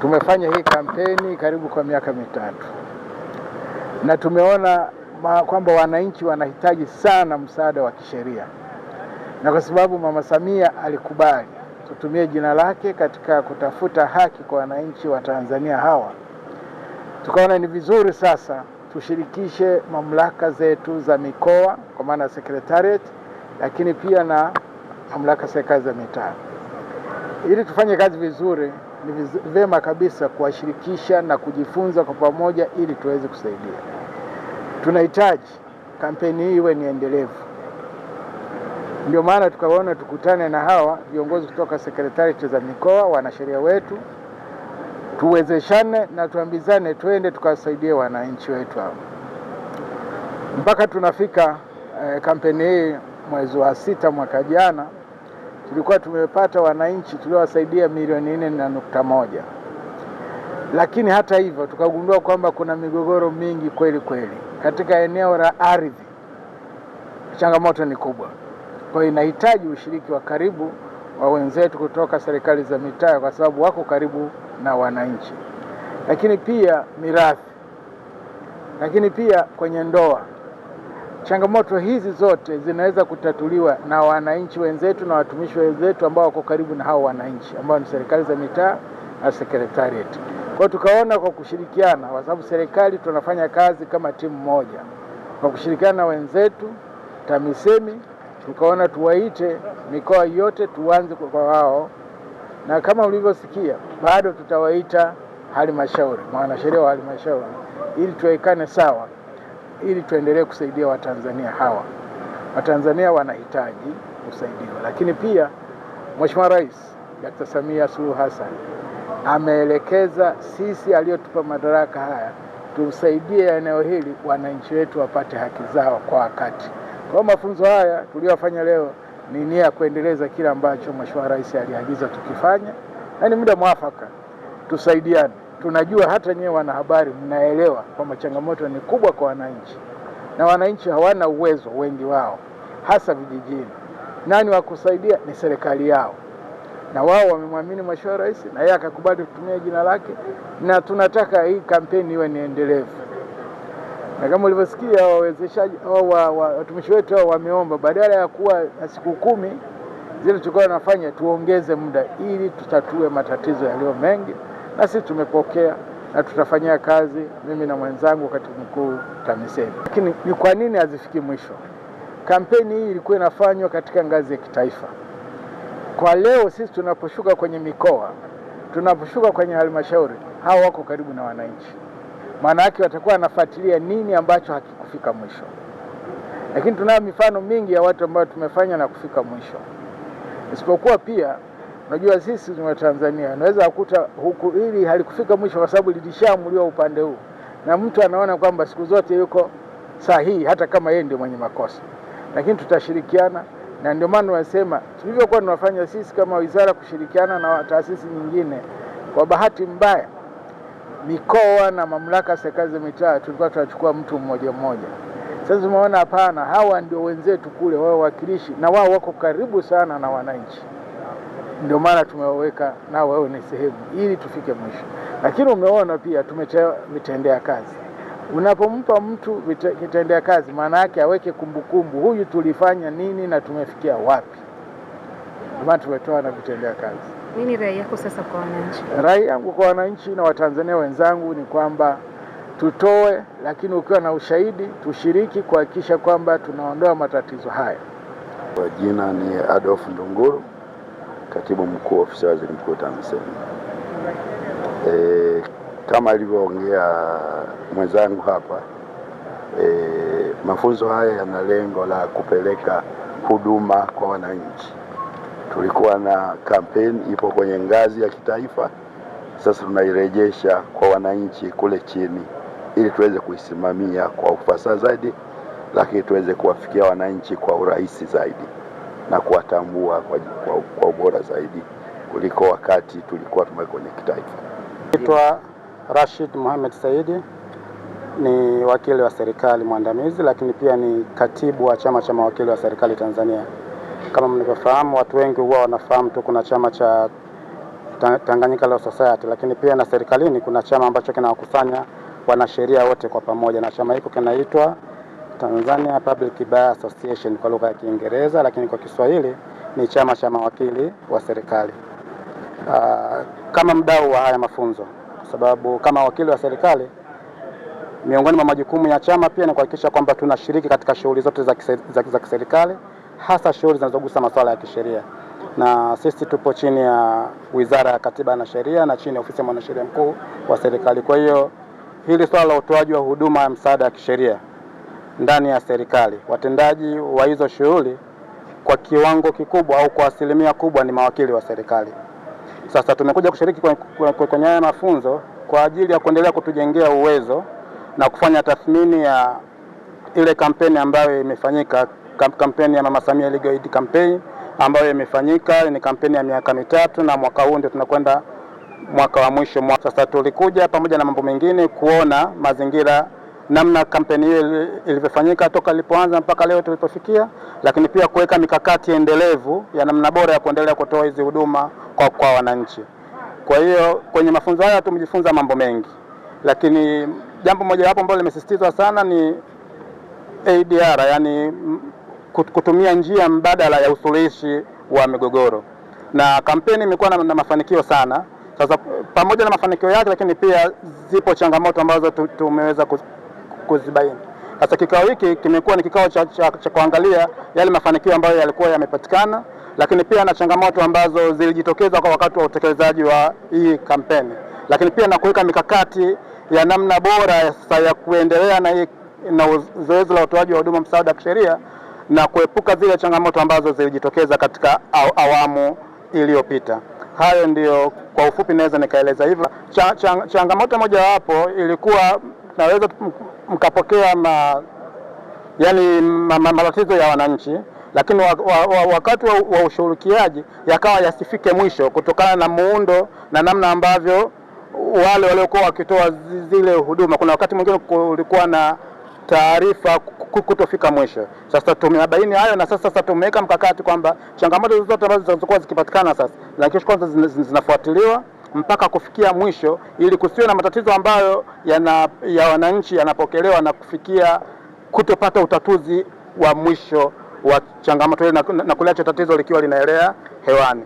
Tumefanya hii kampeni karibu kwa miaka mitatu na tumeona kwamba wananchi wanahitaji sana msaada wa kisheria, na kwa sababu Mama Samia alikubali tutumie jina lake katika kutafuta haki kwa wananchi wa Tanzania hawa, tukaona ni vizuri sasa tushirikishe mamlaka zetu za mikoa kwa maana ya secretariat, lakini pia na mamlaka serikali za mitaa. Ili tufanye kazi vizuri, ni vyema kabisa kuwashirikisha na kujifunza kwa pamoja, ili tuweze kusaidia. Tunahitaji kampeni hii iwe ni endelevu. Ndio maana tukaona tukutane na hawa viongozi kutoka sekretarieti za mikoa, wanasheria wetu, tuwezeshane na tuambizane, twende tukawasaidie wananchi wetu hao mpaka tunafika eh, kampeni hii mwezi wa sita mwaka jana tulikuwa tumepata wananchi tuliowasaidia milioni nne na nukta moja lakini hata hivyo tukagundua kwamba kuna migogoro mingi kweli kweli katika eneo la ardhi. Changamoto ni kubwa, kwao inahitaji ushiriki wa karibu wa wenzetu kutoka serikali za mitaa, kwa sababu wako karibu na wananchi, lakini pia mirathi, lakini pia kwenye ndoa Changamoto hizi zote zinaweza kutatuliwa na wananchi wenzetu na watumishi wenzetu ambao wako karibu na hao wananchi ambao ni serikali za mitaa na secretariat. Kwa tukaona kwa kushirikiana, kwa sababu serikali tunafanya kazi kama timu moja, kwa kushirikiana na wenzetu TAMISEMI, tukaona tuwaite mikoa yote tuanze kwa wao, na kama ulivyosikia, bado tutawaita halmashauri, mwanasheria wa halmashauri, ili tuwekane sawa ili tuendelee kusaidia Watanzania hawa. Watanzania wanahitaji kusaidiwa, lakini pia Mheshimiwa Rais Dr. Samia Suluhu Hassan ameelekeza sisi aliyotupa madaraka haya tumsaidie eneo hili, wananchi wetu wapate haki zao kwa wakati. Kwa mafunzo haya tuliyofanya leo ni nia ya kuendeleza kile ambacho Mheshimiwa Rais aliagiza tukifanya, na ni muda mwafaka tusaidiane tunajua hata nyewe wanahabari mnaelewa kwamba changamoto ni kubwa kwa wananchi, na wananchi hawana uwezo, wengi wao hasa vijijini. Nani wa kusaidia? Ni serikali yao, na wao wamemwamini Mheshimiwa Rais na yeye akakubali kutumia jina lake, na tunataka hii kampeni iwe ni endelevu, na kama ulivyosikia wawezeshaji watumishi wetu hao wameomba badala ya kuwa na siku kumi zile tulikuwa tunafanya tuongeze muda ili tutatue matatizo yaliyo mengi na sisi tumepokea na tutafanyia kazi, mimi na mwenzangu katibu mkuu TAMISEMI. Lakini ni kwa nini hazifiki mwisho? Kampeni hii ilikuwa inafanywa katika ngazi ya kitaifa. Kwa leo sisi tunaposhuka kwenye mikoa, tunaposhuka kwenye halmashauri, hawa wako karibu na wananchi, maana yake watakuwa wanafuatilia nini ambacho hakikufika mwisho. Lakini tunayo mifano mingi ya watu ambao tumefanya na kufika mwisho, isipokuwa pia Unajua sisi ni Watanzania, unaweza kukuta huku hili halikufika mwisho kwa sababu lilishamuliwa upande huu, na mtu anaona kwamba siku zote yuko sahihi, hata kama yeye ndio mwenye makosa, lakini tutashirikiana, na ndio maana tunasema tulivyokuwa tunafanya sisi kama wizara kushirikiana na taasisi nyingine. Kwa bahati mbaya, mikoa na mamlaka ya serikali za mitaa tulikuwa tunachukua mtu mmoja mmoja. Sasa tumeona hapana, hawa ndio wenzetu kule wao wakilishi na wao wako karibu sana na wananchi ndio maana tumeweka na wewe ni sehemu ili tufike mwisho. Lakini umeona pia tumetea vitendea kazi. Unapompa mtu kitendea kazi, maana yake aweke kumbukumbu, huyu tulifanya nini na tumefikia wapi. Ndio maana tumetoa na vitendea kazi. Nini rai yako sasa kwa wananchi? Rai yangu kwa wananchi na Watanzania wenzangu ni kwamba tutoe, lakini ukiwa na ushahidi tushiriki kuhakikisha kwamba tunaondoa matatizo haya. Kwa jina ni Adolf Ndunguru katibu mkuu ofisi ya waziri mkuu TAMISEMI. E, kama alivyoongea mwenzangu hapa e, mafunzo haya yana lengo la kupeleka huduma kwa wananchi. Tulikuwa na kampeni ipo kwenye ngazi ya kitaifa, sasa tunairejesha kwa wananchi kule chini, ili tuweze kuisimamia kwa ufasaha zaidi, lakini tuweze kuwafikia wananchi kwa urahisi zaidi na kuwatambua kwa, kwa, kwa ubora zaidi kuliko wakati tulikuwa tumeweka kwenye kitaifa. Naitwa Rashid Mohamed Saidi, ni wakili wa serikali mwandamizi, lakini pia ni katibu wa chama cha mawakili wa serikali Tanzania. Kama mnavyofahamu, watu wengi huwa wanafahamu tu kuna chama cha Tanganyika Law Society, lakini pia na serikalini kuna chama ambacho kinawakusanya wanasheria wote kwa pamoja, na chama hiko kinaitwa Tanzania Public Bar Association kwa lugha ya Kiingereza, lakini kwa Kiswahili ni chama cha mawakili wa serikali. Uh, kama mdau wa haya mafunzo, kwa sababu kama wakili wa serikali miongoni mwa majukumu ya chama pia ni kuhakikisha kwamba tunashiriki katika shughuli zote za, za, kiserikali hasa shughuli zinazogusa masuala ya kisheria, na sisi tupo chini ya Wizara ya Katiba na Sheria na chini ya Ofisi ya Mwanasheria Mkuu wa Serikali. Kwa hiyo hili swala la utoaji wa huduma ya msaada ya kisheria ndani ya serikali. Watendaji wa hizo shughuli kwa kiwango kikubwa au kwa asilimia kubwa ni mawakili wa serikali. Sasa tumekuja kushiriki kwenye haya mafunzo kwa ajili ya kuendelea kutujengea uwezo na kufanya tathmini ya ile kampeni ambayo imefanyika, kampeni ya Mama Samia Legal Aid campaign ambayo imefanyika, ni kampeni ya miaka mitatu na mwaka huu ndio tunakwenda mwaka wa mwisho. Sasa tulikuja pamoja na mambo mengine kuona mazingira namna kampeni hiyo ilivyofanyika toka ilipoanza mpaka leo tulipofikia, lakini pia kuweka mikakati endelevu ya namna bora ya kuendelea kutoa hizi huduma kwa, kwa wananchi. Kwa hiyo kwenye mafunzo haya tumejifunza mambo mengi, lakini jambo mojawapo ambalo limesisitizwa sana ni ADR, yani kutumia njia mbadala ya usuluhishi wa migogoro, na kampeni imekuwa na, na mafanikio sana. Sasa pamoja na mafanikio yake, lakini pia zipo changamoto ambazo tumeweza kuzibaini. Sasa kikao hiki kimekuwa ni kikao cha, cha, cha kuangalia yale mafanikio ambayo yalikuwa yamepatikana, lakini pia na changamoto ambazo zilijitokeza kwa wakati wa utekelezaji wa hii kampeni, lakini pia na kuweka mikakati ya namna bora ya, ya kuendelea na hii na zoezi la utoaji wa huduma msaada wa kisheria na kuepuka zile changamoto ambazo zilijitokeza katika awamu iliyopita. Hayo ndiyo kwa ufupi naweza nikaeleza hivyo. cha, cha, changamoto mojawapo ilikuwa naweza mkapokea ma, yani matatizo ya wananchi, lakini wa, wa, wa, wakati wa, wa ushughulikiaji yakawa yasifike mwisho kutokana na muundo na namna ambavyo wale waliokuwa wakitoa zile huduma. Kuna wakati mwingine kulikuwa na taarifa kutofika mwisho. Sasa tumeabaini hayo na sasa, sasa tumeweka mkakati kwamba changamoto zote ambazo zinazokuwa zikipatikana sasa, lakini kwanza zinafuatiliwa mpaka kufikia mwisho, ili kusiwe na matatizo ambayo yana, ya wananchi yanapokelewa na kufikia kutopata utatuzi wa mwisho wa changamoto na, na, na kuleta tatizo likiwa linaelea hewani.